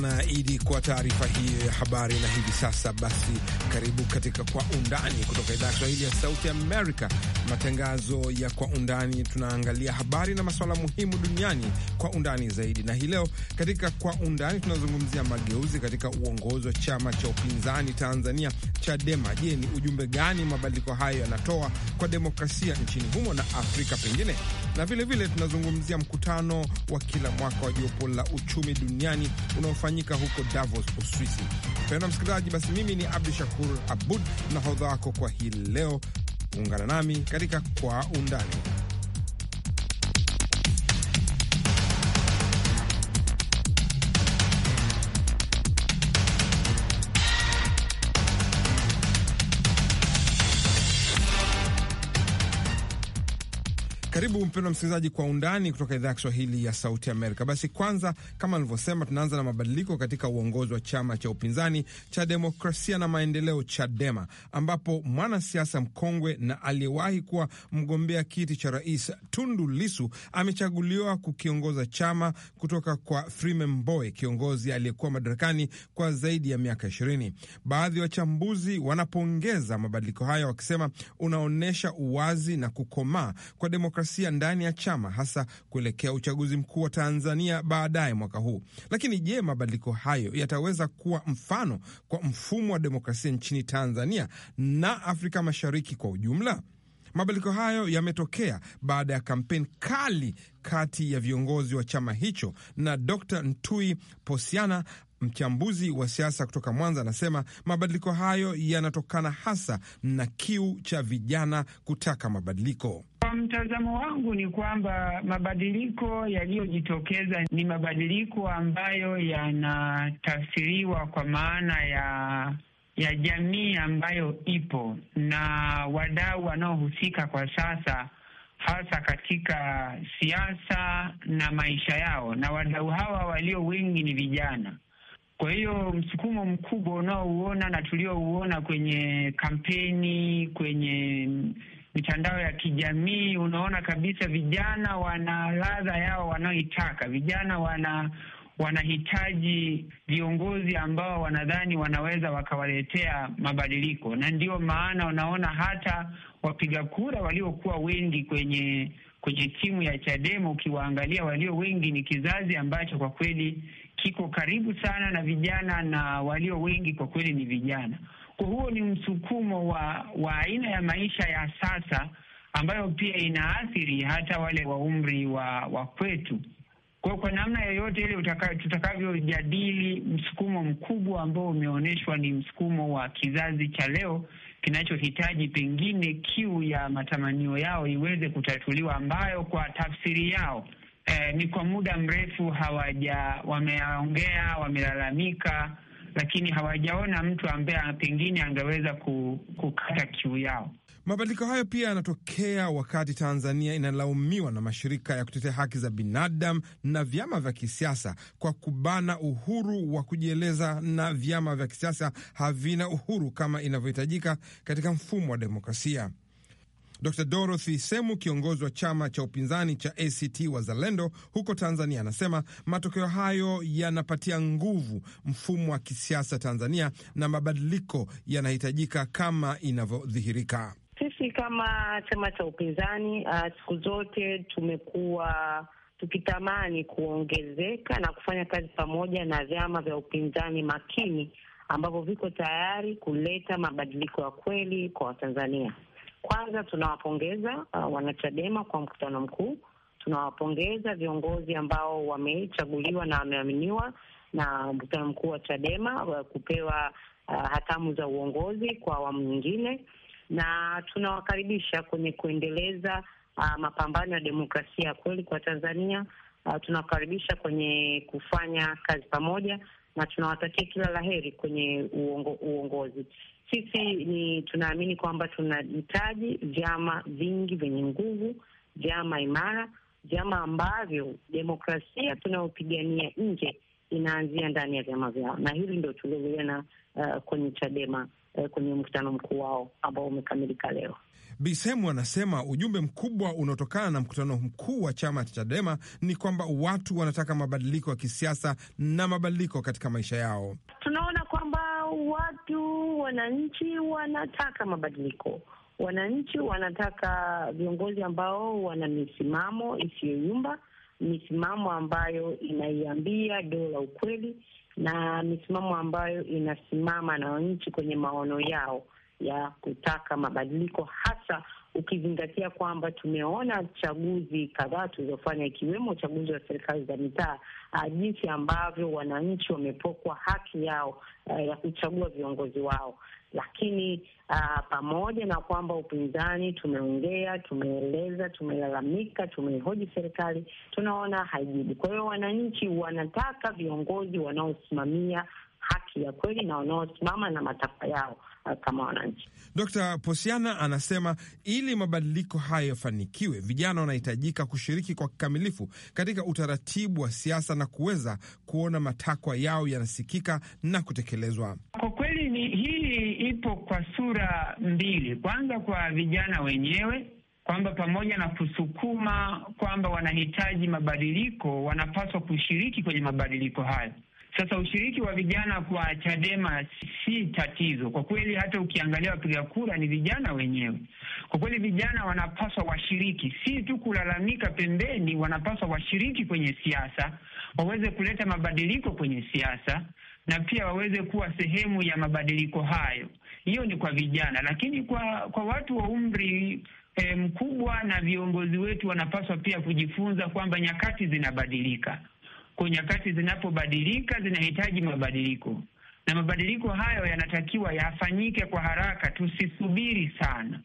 sana Idi kwa taarifa hiyo ya habari. Na hivi sasa basi, karibu katika Kwa Undani kutoka idhaa ya Kiswahili ya Sauti Amerika, matangazo ya Kwa Undani. Tunaangalia habari na masuala muhimu duniani kwa undani zaidi, na hii leo katika Kwa Undani tunazungumzia mageuzi katika uongozi wa chama cha upinzani Tanzania, Chadema. Je, ni ujumbe gani mabadiliko hayo yanatoa kwa demokrasia nchini humo na Afrika pengine? na vilevile tunazungumzia mkutano wa kila mwaka wa jopo la uchumi duniani unaofanyika huko Davos, Uswisi. Mpendwa msikilizaji, basi mimi ni Abdu Shakur Abud, nahodha wako kwa hii leo. Ungana nami katika Kwa Undani. Karibu mpendwa msikilizaji, kwa undani kutoka idhaa ya Kiswahili ya Sauti Amerika. Basi kwanza, kama nilivyosema, tunaanza na mabadiliko katika uongozi wa chama cha upinzani cha Demokrasia na Maendeleo, CHADEMA, ambapo mwanasiasa mkongwe na aliyewahi kuwa mgombea kiti cha rais Tundu Lisu amechaguliwa kukiongoza chama kutoka kwa Freeman Mbowe, kiongozi aliyekuwa madarakani kwa zaidi ya miaka ishirini. Baadhi ya wa wachambuzi wanapongeza mabadiliko hayo wakisema unaonyesha uwazi na kukomaa kwa demokrasia demokrasia ndani ya chama, hasa kuelekea uchaguzi mkuu wa Tanzania baadaye mwaka huu. Lakini je, mabadiliko hayo yataweza kuwa mfano kwa mfumo wa demokrasia nchini Tanzania na Afrika Mashariki kwa ujumla? Mabadiliko hayo yametokea baada ya kampeni kali kati ya viongozi wa chama hicho, na Dr Ntui Posiana, mchambuzi wa siasa kutoka Mwanza, anasema mabadiliko hayo yanatokana hasa na kiu cha vijana kutaka mabadiliko mtazamo wangu ni kwamba mabadiliko yaliyojitokeza ni mabadiliko ambayo yanatafsiriwa kwa maana ya ya jamii ambayo ipo na wadau wanaohusika kwa sasa, hasa katika siasa na maisha yao, na wadau hawa walio wengi ni vijana. Kwa hiyo msukumo mkubwa unaouona na tuliouona kwenye kampeni, kwenye mitandao ya kijamii, unaona kabisa vijana wana ladha yao wanaoitaka. Vijana wana wanahitaji viongozi ambao wanadhani wanaweza wakawaletea mabadiliko, na ndiyo maana unaona hata wapiga kura waliokuwa wengi kwenye kwenye timu ya Chadema, ukiwaangalia walio wengi ni kizazi ambacho kwa kweli kiko karibu sana na vijana, na walio wengi kwa kweli ni vijana. Huo ni msukumo wa wa aina ya maisha ya sasa ambayo pia inaathiri hata wale wa umri wa wa kwetu. Kwa kwa namna yoyote ile tutakavyojadili, msukumo mkubwa ambao umeonyeshwa ni msukumo wa kizazi cha leo kinachohitaji pengine kiu ya matamanio yao iweze kutatuliwa, ambayo kwa tafsiri yao eh, ni kwa muda mrefu hawaja wameongea, wamelalamika lakini hawajaona mtu ambaye pengine angeweza kukata kiu yao. Mabadiliko hayo pia yanatokea wakati Tanzania inalaumiwa na mashirika ya kutetea haki za binadamu na vyama vya kisiasa kwa kubana uhuru wa kujieleza, na vyama vya kisiasa havina uhuru kama inavyohitajika katika mfumo wa demokrasia. Dr Dorothy Semu, kiongozi wa chama cha upinzani cha ACT Wazalendo huko Tanzania, anasema matokeo hayo yanapatia nguvu mfumo wa kisiasa Tanzania na mabadiliko yanahitajika kama inavyodhihirika. Sisi kama chama cha upinzani ah, siku zote tumekuwa tukitamani kuongezeka na kufanya kazi pamoja na vyama vya upinzani makini ambavyo viko tayari kuleta mabadiliko ya kweli kwa Watanzania. Kwanza tunawapongeza uh, wanachadema kwa mkutano mkuu. Tunawapongeza viongozi ambao wamechaguliwa na wameaminiwa na mkutano mkuu wa Chadema uh, kupewa uh, hatamu za uongozi kwa awamu nyingine, na tunawakaribisha kwenye kuendeleza uh, mapambano ya demokrasia ya kweli kwa Tanzania. Uh, tunawakaribisha kwenye kufanya kazi pamoja na tunawatakia kila la heri kwenye uongo, uongozi. Sisi ni tunaamini kwamba tunahitaji vyama vingi vyenye nguvu, vyama imara, vyama ambavyo demokrasia tunayopigania nje inaanzia ndani ya vyama vyao, na hili ndio tuliliona uh, kwenye Chadema uh, kwenye mkutano mkuu wao ambao umekamilika leo. Bisemu anasema ujumbe mkubwa unaotokana na mkutano mkuu wa chama cha Chadema ni kwamba watu wanataka mabadiliko ya kisiasa na mabadiliko katika maisha yao. Tunaona kwamba watu, wananchi wanataka mabadiliko, wananchi wanataka viongozi ambao wana misimamo isiyoyumba, misimamo ambayo inaiambia dola ukweli na misimamo ambayo inasimama na wananchi kwenye maono yao ya kutaka mabadiliko, hasa ukizingatia kwamba tumeona chaguzi kadhaa tulizofanya ikiwemo uchaguzi wa serikali za mitaa, ah, jinsi ambavyo wananchi wamepokwa haki yao eh, ya kuchagua viongozi wao. Lakini uh, pamoja na kwamba upinzani tumeongea, tumeeleza, tumelalamika, tumeihoji serikali, tunaona haijibu. Kwa hiyo wananchi wanataka viongozi wanaosimamia haki ya kweli na wanaosimama na matakwa yao uh, kama wananchi. Dr. Posiana anasema ili mabadiliko hayo yafanikiwe, vijana wanahitajika kushiriki kwa kikamilifu katika utaratibu wa siasa na kuweza kuona matakwa yao yanasikika na kutekelezwa. Kwa kweli ni hii ipo kwa sura mbili. Kwanza kwa vijana wenyewe kwamba pamoja na kusukuma kwamba wanahitaji mabadiliko, wanapaswa kushiriki kwenye mabadiliko hayo. Sasa ushiriki wa vijana kwa Chadema si tatizo kwa kweli. Hata ukiangalia wapiga kura ni vijana wenyewe. Kwa kweli, vijana wanapaswa washiriki, si tu kulalamika pembeni, wanapaswa washiriki kwenye siasa, waweze kuleta mabadiliko kwenye siasa na pia waweze kuwa sehemu ya mabadiliko hayo. Hiyo ni kwa vijana, lakini kwa kwa watu wa umri e, mkubwa na viongozi wetu wanapaswa pia kujifunza kwamba nyakati zinabadilika kwa nyakati zinapobadilika zinahitaji mabadiliko, na mabadiliko hayo yanatakiwa yafanyike kwa haraka, tusisubiri sana.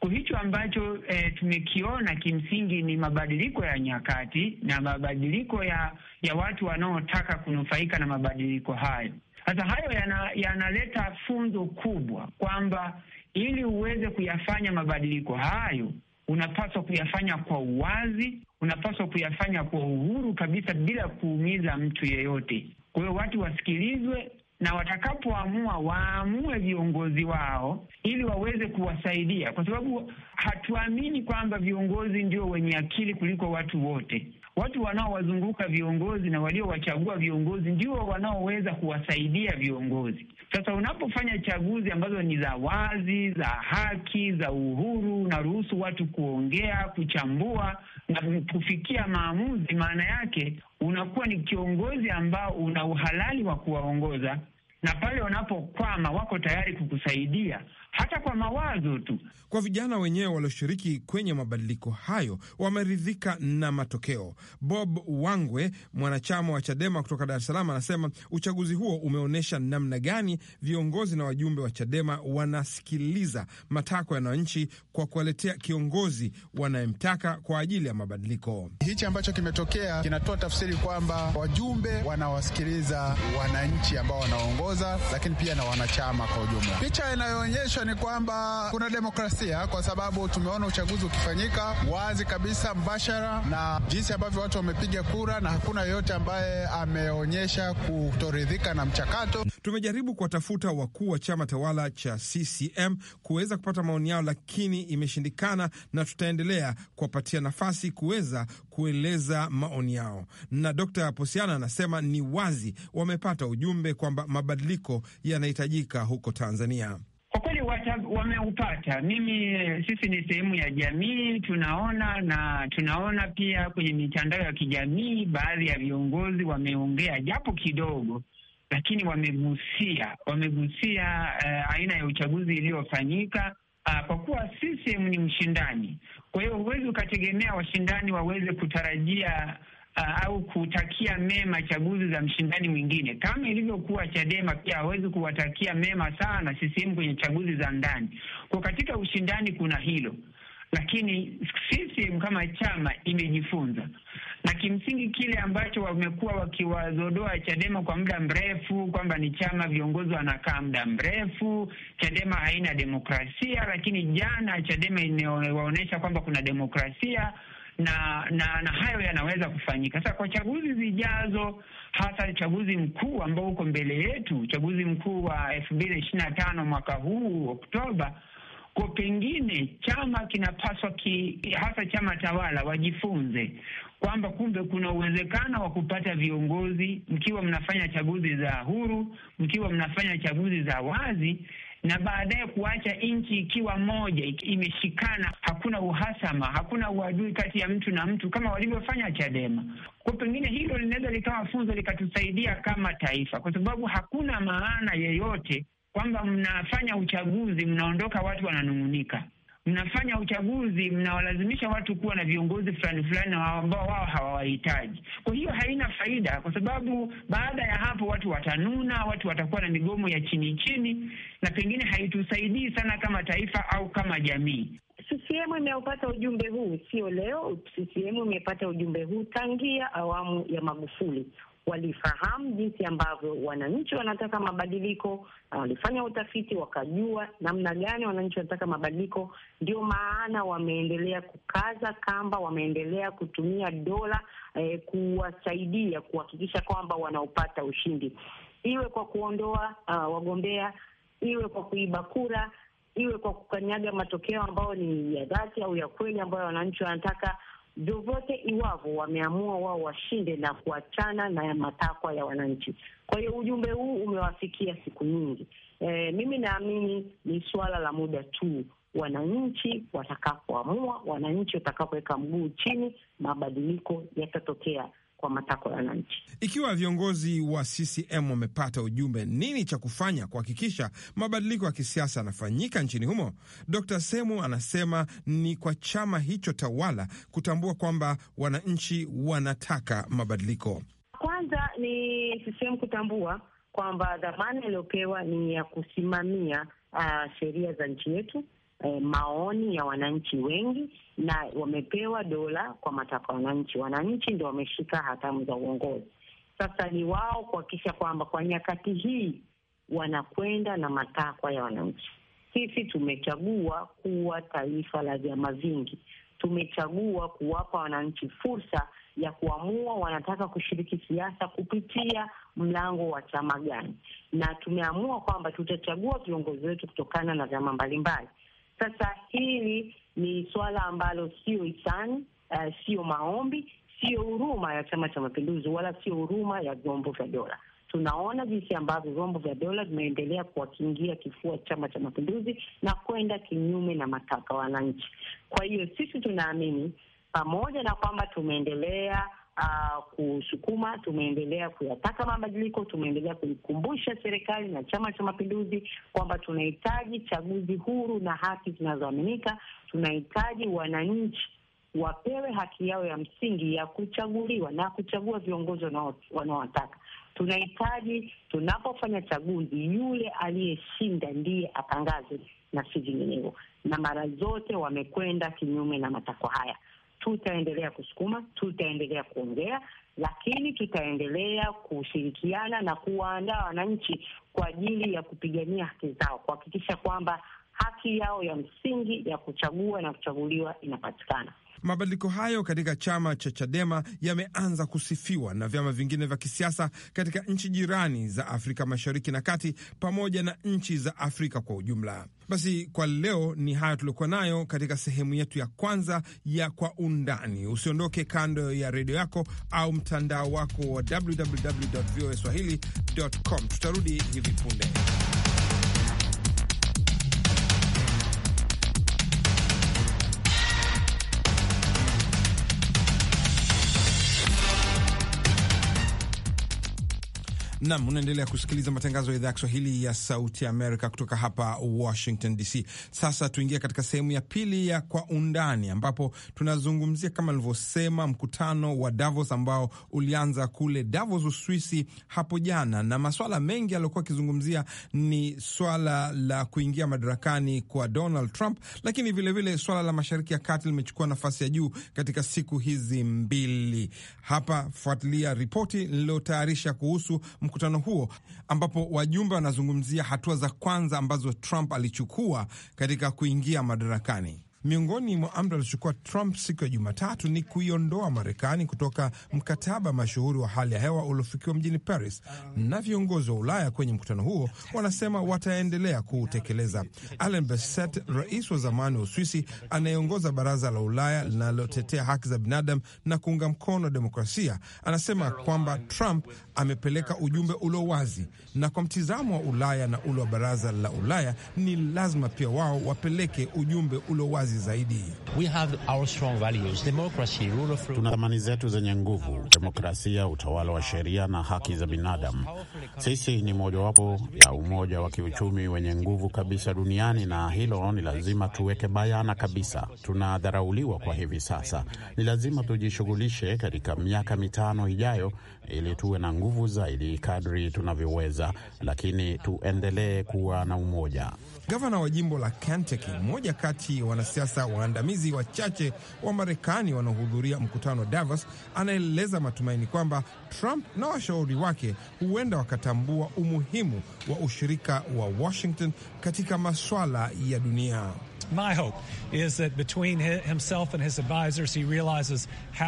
Kwa hicho ambacho e, tumekiona kimsingi ni mabadiliko ya nyakati na mabadiliko ya, ya watu wanaotaka kunufaika na mabadiliko hayo. Sasa hayo yanaleta yana funzo kubwa kwamba ili uweze kuyafanya mabadiliko hayo unapaswa kuyafanya kwa uwazi, unapaswa kuyafanya kwa uhuru kabisa bila kuumiza mtu yeyote. Kwa hiyo watu wasikilizwe na watakapoamua waamue viongozi wao ili waweze kuwasaidia, kwa sababu hatuamini kwamba viongozi ndio wenye akili kuliko watu wote watu wanaowazunguka viongozi na waliowachagua viongozi ndio wanaoweza kuwasaidia viongozi. Sasa unapofanya chaguzi ambazo ni za wazi, za haki, za uhuru, unaruhusu watu kuongea, kuchambua na kufikia maamuzi, maana yake unakuwa ni kiongozi ambao una uhalali wa kuwaongoza, na pale wanapokwama wako tayari kukusaidia hata kwa mawazo tu. Kwa vijana wenyewe walioshiriki kwenye mabadiliko hayo wameridhika na matokeo. Bob Wangwe, mwanachama wa Chadema kutoka Dar es Salaam, anasema uchaguzi huo umeonyesha namna gani viongozi na wajumbe wa Chadema wanasikiliza matakwa ya wananchi kwa kuwaletea kiongozi wanayemtaka kwa ajili ya mabadiliko. Hichi ambacho kimetokea kinatoa tafsiri kwamba wajumbe wanawasikiliza wananchi ambao wanaongoza, lakini pia na wanachama kwa ujumla. Picha inayoonyesha Kinachoonyesha ni kwamba kuna demokrasia, kwa sababu tumeona uchaguzi ukifanyika wazi kabisa mbashara, na jinsi ambavyo watu wamepiga kura, na hakuna yoyote ambaye ameonyesha kutoridhika na mchakato. Tumejaribu kuwatafuta wakuu wa chama tawala cha CCM kuweza kupata maoni yao, lakini imeshindikana, na tutaendelea kuwapatia nafasi kuweza kueleza maoni yao. Na Dr. Posiana anasema ni wazi wamepata ujumbe kwamba mabadiliko yanahitajika huko Tanzania. Kwa kweli wameupata. Mimi sisi ni sehemu ya jamii, tunaona na tunaona pia kwenye mitandao ya kijamii, baadhi ya viongozi wameongea japo kidogo, lakini wamegusia wamegusia uh, aina ya uchaguzi iliyofanyika uh, kwa kuwa sehemu ni mshindani, kwa hiyo huwezi ukategemea washindani waweze kutarajia uh, au kutakia mema chaguzi za mshindani mwingine. Kama ilivyokuwa Chadema, pia hawezi kuwatakia mema sana CCM kwenye chaguzi za ndani. Kwa katika ushindani kuna hilo, lakini CCM kama chama imejifunza na kimsingi kile ambacho wamekuwa wakiwazodoa Chadema kwa muda mrefu kwamba ni chama viongozi wanakaa muda mrefu, Chadema haina demokrasia, lakini jana Chadema imewaonyesha kwamba kuna demokrasia na na, na hayo yanaweza kufanyika. Sasa kwa chaguzi zijazo, hasa chaguzi mkuu ambao uko mbele yetu, uchaguzi mkuu wa elfu mbili na ishirini na tano mwaka huu Oktoba, kwa pengine chama kinapaswa ki, hasa chama tawala wajifunze kwamba kumbe kuna uwezekano wa kupata viongozi mkiwa mnafanya chaguzi za huru, mkiwa mnafanya chaguzi za wazi na baadaye kuacha nchi ikiwa moja imeshikana, hakuna uhasama, hakuna uadui kati ya mtu na mtu kama walivyofanya Chadema. Kwa pengine hilo linaweza likawa funzo likatusaidia kama taifa, kwa sababu hakuna maana yeyote kwamba mnafanya uchaguzi, mnaondoka watu wananung'unika mnafanya uchaguzi, mnawalazimisha watu kuwa na viongozi fulani fulani ambao wao hawawahitaji. Kwa hiyo haina faida, kwa sababu baada ya hapo watu watanuna, watu watakuwa na migomo ya chini chini, na pengine haitusaidii sana kama taifa au kama jamii. CCM imeupata ujumbe huu, sio leo. CCM imepata ujumbe huu tangia awamu ya Magufuli walifahamu jinsi ambavyo wananchi wanataka mabadiliko, na walifanya utafiti wakajua namna gani wananchi wanataka mabadiliko. Ndio maana wameendelea kukaza kamba, wameendelea kutumia dola eh, kuwasaidia kuhakikisha kwamba wanaopata ushindi, iwe kwa kuondoa uh, wagombea, iwe kwa kuiba kura iwe kwa kukanyaga matokeo ambayo ni ya dhati au ya kweli ambayo wananchi wanataka, vyovyote iwavyo, wameamua wao washinde na kuachana na matakwa ya wananchi. Kwa hiyo ujumbe huu umewafikia siku nyingi. E, mimi naamini ni suala la muda tu, wananchi watakapoamua, wananchi watakapoweka mguu chini, mabadiliko yatatokea kwa matakwa ya wananchi. Ikiwa viongozi wa CCM wamepata ujumbe, nini cha kufanya kuhakikisha mabadiliko ya kisiasa yanafanyika nchini humo? Dr. Semu anasema ni kwa chama hicho tawala kutambua kwamba wananchi wanataka mabadiliko. Kwanza ni CCM kutambua kwamba dhamana iliyopewa ni ya kusimamia uh, sheria za nchi yetu eh, maoni ya wananchi wengi, na wamepewa dola kwa matakwa wananchi. Wananchi ndio wameshika hatamu za uongozi. Sasa ni wao kuhakikisha kwamba kwa nyakati hii wanakwenda na matakwa ya wananchi. Sisi tumechagua kuwa taifa la vyama vingi, tumechagua kuwapa wananchi fursa ya kuamua wanataka kushiriki siasa kupitia mlango wa chama gani, na tumeamua kwamba tutachagua viongozi wetu kutokana na vyama mbalimbali. Sasa hili ni swala ambalo sio hisani, uh, eh, sio maombi, sio huruma ya Chama cha Mapinduzi wala sio huruma ya vyombo vya dola. Tunaona jinsi ambavyo vyombo vya dola vimeendelea kuwakingia kifua Chama cha Mapinduzi na kwenda kinyume na matakwa ya wananchi. Kwa hiyo sisi tunaamini pamoja na kwamba tumeendelea uh, kusukuma, tumeendelea kuyataka mabadiliko, tumeendelea kuikumbusha serikali na Chama cha Mapinduzi kwamba tunahitaji chaguzi huru na haki zinazoaminika. Tunahitaji wananchi wapewe haki yao ya msingi ya kuchaguliwa na kuchagua viongozi wanaowataka. Tunahitaji tunapofanya chaguzi, yule aliyeshinda ndiye atangaze na si vinginevyo, na mara zote wamekwenda kinyume na matakwa haya tutaendelea kusukuma, tutaendelea kuongea, lakini tutaendelea kushirikiana na kuwaandaa wananchi kwa ajili ya kupigania haki zao, kuhakikisha kwamba haki yao ya msingi ya kuchagua na kuchaguliwa inapatikana. Mabadiliko hayo katika chama cha Chadema yameanza kusifiwa na vyama vingine vya kisiasa katika nchi jirani za Afrika Mashariki na Kati pamoja na nchi za Afrika kwa ujumla. Basi kwa leo ni hayo tuliokuwa nayo katika sehemu yetu ya kwanza ya Kwa Undani. Usiondoke kando ya redio yako au mtandao wako wa www voa swahili.com. Tutarudi hivi punde. Nam, unaendelea kusikiliza matangazo ya idhaa ya Kiswahili ya Sauti Amerika kutoka hapa Washington DC. Sasa tuingia katika sehemu ya pili ya Kwa Undani, ambapo tunazungumzia kama alivyosema, mkutano wa Davos ambao ulianza kule Davos, Uswisi hapo jana, na maswala mengi aliokuwa akizungumzia ni swala la kuingia madarakani kwa Donald Trump, lakini vilevile vile swala la Mashariki ya Kati limechukua nafasi ya juu katika siku hizi mbili. Hapa fuatilia ripoti niliyotayarisha kuhusu mkutano huo ambapo wajumbe wanazungumzia hatua za kwanza ambazo Trump alichukua katika kuingia madarakani. Miongoni mwa amri alichukua Trump siku ya Jumatatu ni kuiondoa Marekani kutoka mkataba mashuhuri wa hali ya hewa uliofikiwa mjini Paris, na viongozi wa Ulaya kwenye mkutano huo wanasema wataendelea kuutekeleza. Alain Berset, rais wa zamani wa Uswisi anayeongoza baraza la Ulaya linalotetea haki za binadamu na kuunga mkono demokrasia, anasema kwamba Trump amepeleka ujumbe ulio wazi, na kwa mtizamo wa Ulaya na ule wa baraza la Ulaya ni lazima pia wao wapeleke ujumbe ulio wazi wazi zaidi. Tuna thamani zetu zenye nguvu: demokrasia, utawala wa sheria na haki za binadamu. Sisi ni mojawapo ya umoja wa kiuchumi wenye nguvu kabisa duniani, na hilo ni lazima tuweke bayana kabisa. Tunadharauliwa kwa hivi sasa, ni lazima tujishughulishe katika miaka mitano ijayo, ili tuwe na nguvu zaidi kadri tunavyoweza, lakini tuendelee kuwa na umoja. Gavana wa jimbo la Kentucky, mmoja kati ya wanasiasa waandamizi wachache wa Marekani wanaohudhuria mkutano wa Davos, anaeleza matumaini kwamba Trump na washauri wake huenda wakatambua umuhimu wa ushirika wa Washington katika maswala ya dunia.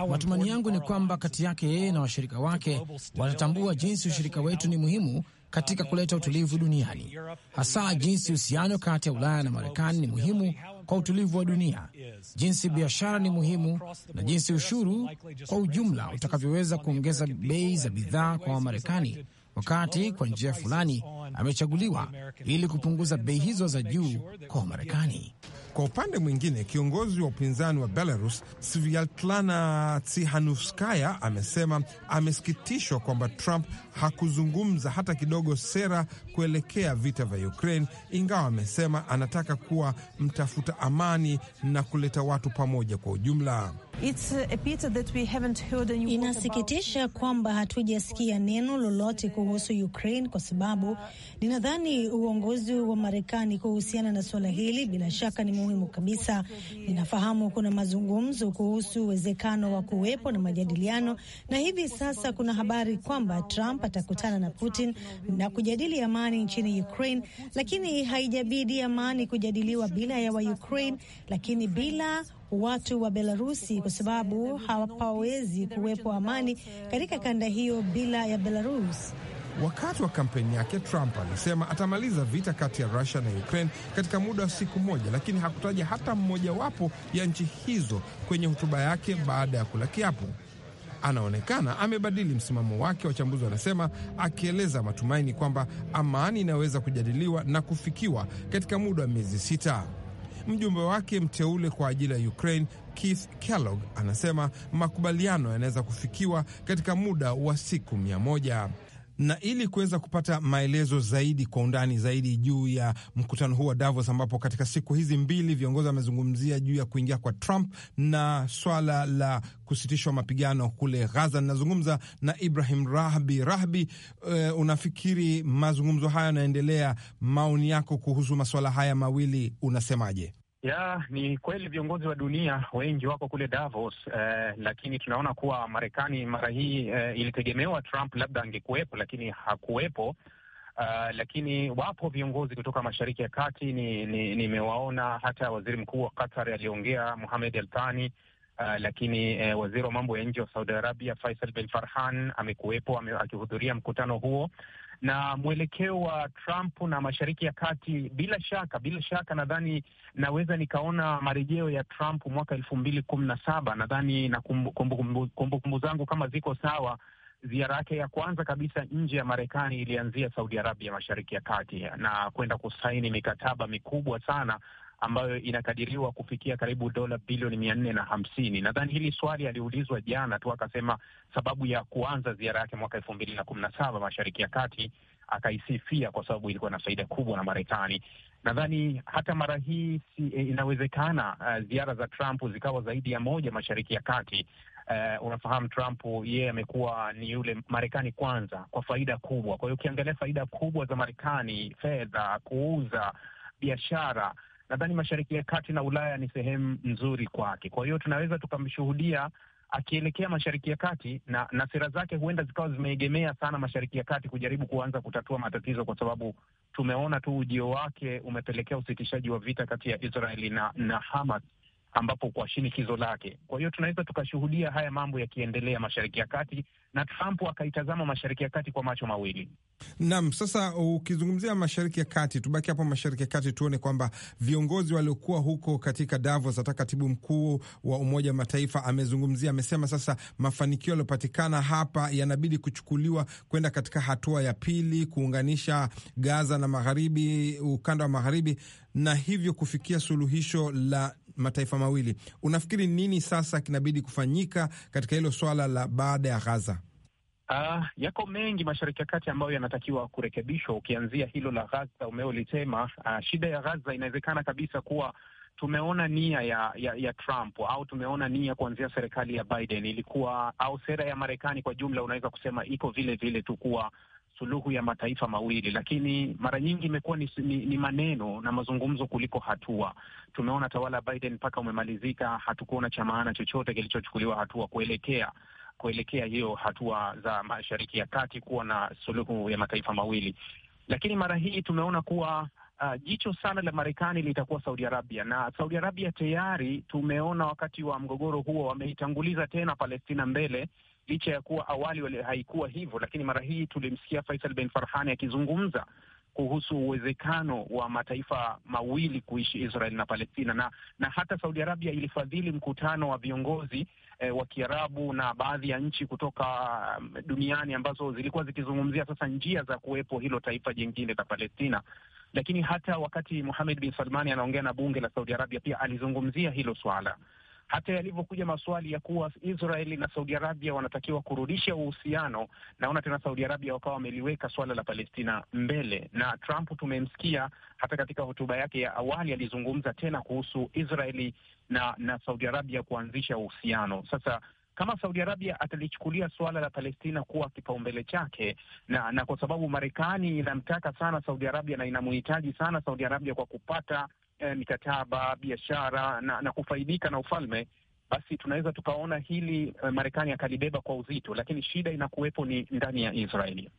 Matumani yangu ni kwamba kati yake yeye na washirika wake watatambua jinsi ushirika wetu ni muhimu katika kuleta utulivu duniani, hasa jinsi uhusiano kati ya Ulaya na Marekani ni muhimu kwa utulivu wa dunia, jinsi biashara ni muhimu na jinsi ushuru kwa ujumla utakavyoweza kuongeza bei za bidhaa kwa Wamarekani, wakati kwa njia fulani amechaguliwa ili kupunguza bei hizo za juu kwa Wamarekani. Kwa upande mwingine, kiongozi wa upinzani wa Belarus Sviatlana Tsihanuskaya amesema amesikitishwa kwamba Trump hakuzungumza hata kidogo sera kuelekea vita vya Ukraine, ingawa amesema anataka kuwa mtafuta amani na kuleta watu pamoja kwa ujumla. Inasikitisha kwamba hatujasikia neno lolote kuhusu Ukraine kwa sababu ninadhani uongozi wa Marekani kuhusiana na suala hili bila shaka ni muhimu kabisa. Ninafahamu kuna mazungumzo kuhusu uwezekano wa kuwepo na majadiliano, na hivi sasa kuna habari kwamba Trump atakutana na Putin na kujadili amani nchini Ukraine, lakini haijabidi amani kujadiliwa bila ya wa Ukraine, lakini bila watu wa Belarusi kwa sababu hawapawezi kuwepo amani katika kanda hiyo bila ya Belarus. Wakati wa kampeni yake Trump alisema atamaliza vita kati ya Rusia na Ukraine katika muda wa siku moja, lakini hakutaja hata mmojawapo ya nchi hizo kwenye hotuba yake baada ya kula kiapo. Anaonekana amebadili msimamo wake, wachambuzi wanasema, akieleza matumaini kwamba amani inaweza kujadiliwa na kufikiwa katika muda wa miezi sita. Mjumbe wake mteule kwa ajili ya Ukraine Keith Kellogg anasema makubaliano yanaweza kufikiwa katika muda wa siku mia moja na ili kuweza kupata maelezo zaidi kwa undani zaidi juu ya mkutano huu wa Davos, ambapo katika siku hizi mbili viongozi wamezungumzia juu ya kuingia kwa Trump na swala la kusitishwa mapigano kule Gaza. Ninazungumza na Ibrahim Rahbi. Rahbi, uh, unafikiri mazungumzo haya yanaendelea, maoni yako kuhusu masuala haya mawili unasemaje? Ya, ni kweli viongozi wa dunia wengi wako kule Davos eh, lakini tunaona kuwa Marekani mara hii eh, ilitegemewa Trump labda angekuwepo, lakini hakuwepo. Uh, lakini wapo viongozi kutoka Mashariki ya Kati nimewaona, ni, ni hata waziri mkuu wa Qatar aliongea Mohamed Al Thani. Uh, eh, lakini eh, waziri wa mambo ya nje wa Saudi Arabia Faisal bin Farhan amekuwepo ame, akihudhuria mkutano huo na mwelekeo wa Trump na Mashariki ya Kati, bila shaka, bila shaka nadhani naweza nikaona marejeo ya Trump mwaka elfu mbili kumi na saba nadhani na kumbukumbu kumbu, kumbu, kumbu zangu kama ziko sawa ziara yake ya kwanza kabisa nje ya Marekani ilianzia Saudi Arabia, mashariki ya kati, na kwenda kusaini mikataba mikubwa sana ambayo inakadiriwa kufikia karibu dola bilioni mia nne na hamsini. Nadhani hili swali aliulizwa jana tu, akasema sababu ya kuanza ziara yake mwaka elfu mbili na kumi na saba mashariki ya kati, akaisifia kwa sababu ilikuwa na faida kubwa na Marekani. Nadhani hata mara hii si, e, inawezekana uh, ziara za Trump zikawa zaidi ya moja mashariki ya kati. Uh, unafahamu Trump yeye yeah, amekuwa ni yule Marekani kwanza kwa faida kubwa. Kwa hiyo ukiangalia faida kubwa za Marekani, fedha, kuuza, biashara nadhani Mashariki ya Kati na Ulaya ni sehemu nzuri kwake. Kwa hiyo tunaweza tukamshuhudia akielekea Mashariki ya Kati na, na sera zake huenda zikawa zimeegemea sana Mashariki ya Kati kujaribu kuanza kutatua matatizo, kwa sababu tumeona tu ujio wake umepelekea usitishaji wa vita kati ya Israeli na, na Hamas ambapo kwa shinikizo lake. Kwa hiyo tunaweza tukashuhudia haya mambo yakiendelea Mashariki ya Kati, na Trump akaitazama Mashariki ya Kati kwa macho mawili. Naam, sasa ukizungumzia Mashariki ya Kati, tubaki hapo Mashariki ya Kati, tuone kwamba viongozi waliokuwa huko katika Davos, hata katibu mkuu wa Umoja wa Mataifa amezungumzia, amesema sasa mafanikio yaliyopatikana hapa yanabidi kuchukuliwa kwenda katika hatua ya pili, kuunganisha Gaza na magharibi, ukanda wa magharibi, na hivyo kufikia suluhisho la mataifa mawili. Unafikiri nini sasa kinabidi kufanyika katika hilo swala la baada ya Ghaza? Uh, ah, yako mengi Mashariki ya Kati ambayo yanatakiwa kurekebishwa, ukianzia hilo la Ghaza umeolitema. Uh, shida ya Ghaza inawezekana kabisa kuwa tumeona nia ya, ya ya Trump au tumeona nia kuanzia serikali ya Biden ilikuwa au sera ya Marekani kwa jumla, unaweza kusema iko vile vile tu kuwa suluhu ya mataifa mawili, lakini mara nyingi imekuwa ni, ni, ni maneno na mazungumzo kuliko hatua. Tumeona tawala Biden mpaka umemalizika, hatukuona cha maana chochote kilichochukuliwa hatua kuelekea kuelekea hiyo hatua za Mashariki ya Kati kuwa na suluhu ya mataifa mawili, lakini mara hii tumeona kuwa Uh, jicho sana la Marekani litakuwa Saudi Arabia na Saudi Arabia tayari tumeona wakati wa mgogoro huo wameitanguliza tena Palestina mbele licha ya kuwa awali haikuwa hivyo, lakini mara hii tulimsikia Faisal bin Farhani akizungumza kuhusu uwezekano wa mataifa mawili kuishi Israel na Palestina, na na hata Saudi Arabia ilifadhili mkutano wa viongozi e, wa Kiarabu na baadhi ya nchi kutoka um, duniani ambazo zilikuwa zikizungumzia sasa njia za kuwepo hilo taifa jingine la Palestina. Lakini hata wakati muhamed bin Salmani anaongea na bunge la Saudi Arabia pia alizungumzia hilo swala hata yalivyokuja maswali ya kuwa Israeli na Saudi Arabia wanatakiwa kurudisha uhusiano, naona tena Saudi Arabia wakawa wameliweka swala la Palestina mbele. Na Trump tumemsikia hata katika hotuba yake ya awali alizungumza tena kuhusu Israeli na, na Saudi Arabia kuanzisha uhusiano. Sasa kama Saudi Arabia atalichukulia suala la Palestina kuwa kipaumbele chake, na na kwa sababu Marekani inamtaka sana Saudi Arabia na inamuhitaji sana Saudi Arabia kwa kupata eh, mikataba, biashara na, na kufaidika na ufalme, basi tunaweza tukaona hili eh, Marekani akalibeba kwa uzito, lakini shida inakuwepo ni ndani ya Israeli.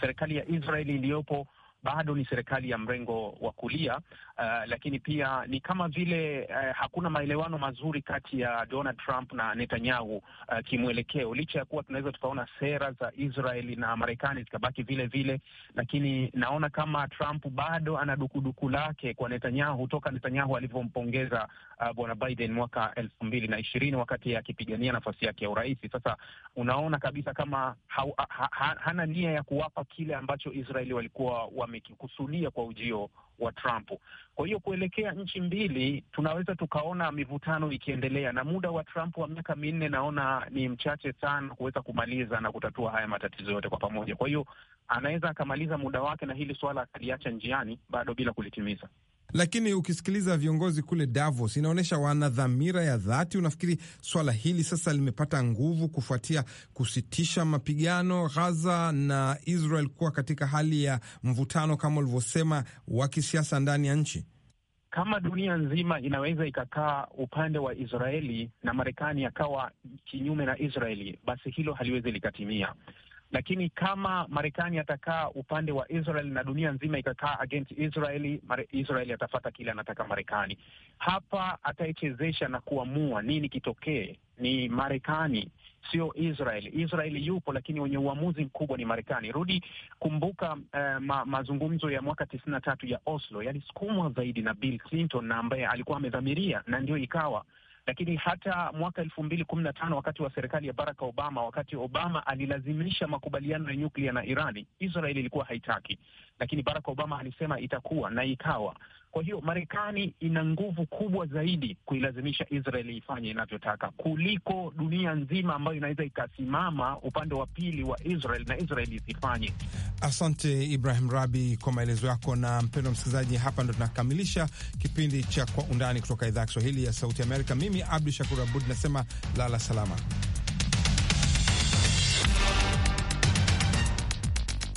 Serikali ya Israeli iliyopo bado ni serikali ya mrengo wa kulia uh, lakini pia ni kama vile uh, hakuna maelewano mazuri kati ya Donald Trump na Netanyahu uh, kimwelekeo, licha ya kuwa tunaweza tukaona sera za israel na Marekani zikabaki vile vile, lakini naona kama Trump bado ana dukuduku lake kwa Netanyahu toka Netanyahu alivyompongeza uh, bwana Biden mwaka elfu mbili na ishirini wakati akipigania nafasi yake ya urais. Sasa unaona kabisa kama ha, ha, ha, hana nia ya kuwapa kile ambacho Israeli walikuwa wa amekikusudia kwa ujio wa Trump. Kwa hiyo kuelekea nchi mbili, tunaweza tukaona mivutano ikiendelea, na muda wa Trump wa miaka minne naona ni mchache sana kuweza kumaliza na kutatua haya matatizo yote kwa pamoja. Kwa hiyo anaweza akamaliza muda wake na hili suala akaliacha njiani bado bila kulitimiza. Lakini ukisikiliza viongozi kule Davos, inaonyesha wana dhamira ya dhati. Unafikiri swala hili sasa limepata nguvu kufuatia kusitisha mapigano ghaza na Israel kuwa katika hali ya mvutano kama ulivyosema wa kisiasa ndani ya nchi? Kama dunia nzima inaweza ikakaa upande wa Israeli na Marekani akawa kinyume na Israeli, basi hilo haliwezi likatimia. Lakini kama Marekani atakaa upande wa Israel na dunia nzima ikakaa against Israeli, Israeli atafata kile anataka Marekani. Hapa ataichezesha na kuamua nini kitokee ni Marekani, sio Israel. Israel yupo, lakini wenye uamuzi mkubwa ni Marekani. Rudi kumbuka uh, ma, mazungumzo ya mwaka tisini na tatu ya Oslo yalisukumwa zaidi na Bill Clinton na ambaye alikuwa amedhamiria na ndio ikawa lakini hata mwaka elfu mbili kumi na tano wakati wa serikali ya Barack Obama, wakati Obama alilazimisha makubaliano ya nyuklia na Irani, Israel ilikuwa haitaki lakini Barack Obama alisema itakuwa na ikawa. Kwa hiyo Marekani ina nguvu kubwa zaidi kuilazimisha Israel ifanye inavyotaka kuliko dunia nzima ambayo inaweza ikasimama upande wa pili wa Israel na Israel isifanye. Asante Ibrahim Rabi kwa maelezo yako. Na mpendwa msikilizaji, hapa ndo tunakamilisha kipindi cha Kwa Undani kutoka idhaa ya Kiswahili ya Sauti Amerika. Mimi Abdu Shakur Abud nasema lala salama.